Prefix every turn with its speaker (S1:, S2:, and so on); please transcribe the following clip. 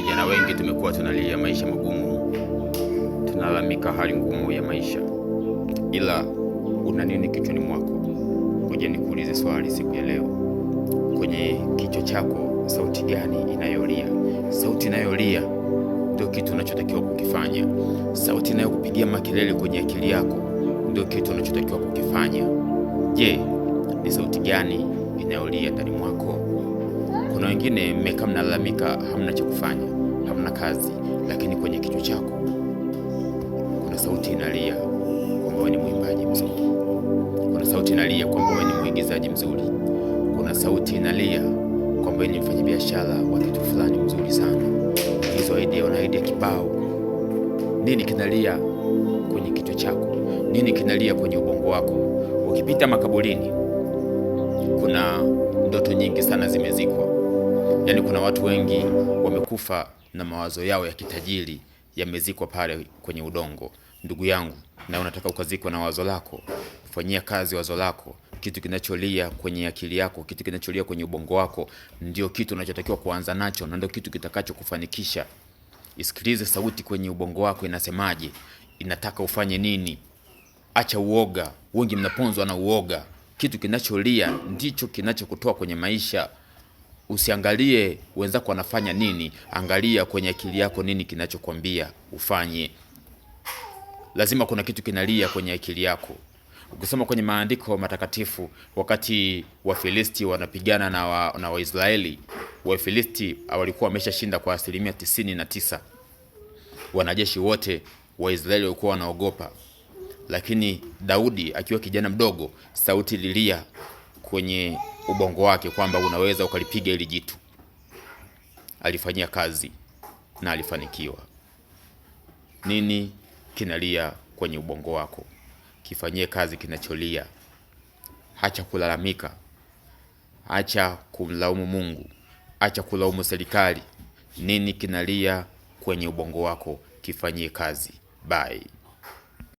S1: Vijana wengi tumekuwa tunalia maisha magumu, tunalalamika hali ngumu ya maisha, ila una nini kichwani mwako? Ngoja nikuulize swali siku ya leo, kwenye kichwa chako sauti gani inayolia? Sauti inayolia ndio kitu unachotakiwa kukifanya. Sauti inayokupigia makelele kwenye akili yako ndio kitu unachotakiwa kukifanya. Je, ni sauti gani inayolia ndani mwako? Kuna wengine mmekaa mnalalamika, hamna cha kufanya, hamna kazi, lakini kwenye kichwa chako kuna sauti inalia kwamba wewe ni mwimbaji mzuri, kuna sauti inalia kwamba wewe ni mwigizaji mzuri, kuna sauti inalia kwamba wewe ni mfanyabiashara wa kitu fulani mzuri sana. Hizo idea, na idea kibao. Nini kinalia kwenye kichwa chako? Nini kinalia kwenye ubongo wako? Ukipita makaburini, kuna ndoto nyingi sana zimezikwa. Yaani kuna watu wengi wamekufa na mawazo yao ya kitajiri yamezikwa pale kwenye udongo. Ndugu yangu, na unataka ukazikwa na wazo lako? Fanyia kazi wazo lako. Kitu kinacholia kwenye akili yako, kitu kinacholia kwenye ubongo wako, ndio kitu unachotakiwa kuanza nacho, na ndio kitu kitakachokufanikisha. Isikilize sauti kwenye ubongo wako inasemaje, inataka ufanye nini. Acha uoga, wengi mnaponzwa na uoga. Kitu kinacholia ndicho kinachokutoa kwenye maisha usiangalie wenzako wanafanya nini, angalia kwenye akili yako nini kinachokwambia ufanye. Lazima kuna kitu kinalia kwenye akili yako. Ukisoma kwenye maandiko matakatifu, wakati Wafilisti wanapigana na, wa, na Waisraeli, Wafilisti walikuwa wameshashinda kwa asilimia tisini na tisa. Wanajeshi wote Waisraeli walikuwa wanaogopa, lakini Daudi akiwa kijana mdogo, sauti lilia kwenye ubongo wake kwamba unaweza ukalipiga hili jitu. Alifanyia kazi na alifanikiwa. Nini kinalia kwenye ubongo wako? Kifanyie kazi kinacholia. Acha kulalamika, acha kumlaumu Mungu, acha kulaumu serikali. Nini kinalia kwenye ubongo wako? Kifanyie kazi. Bye.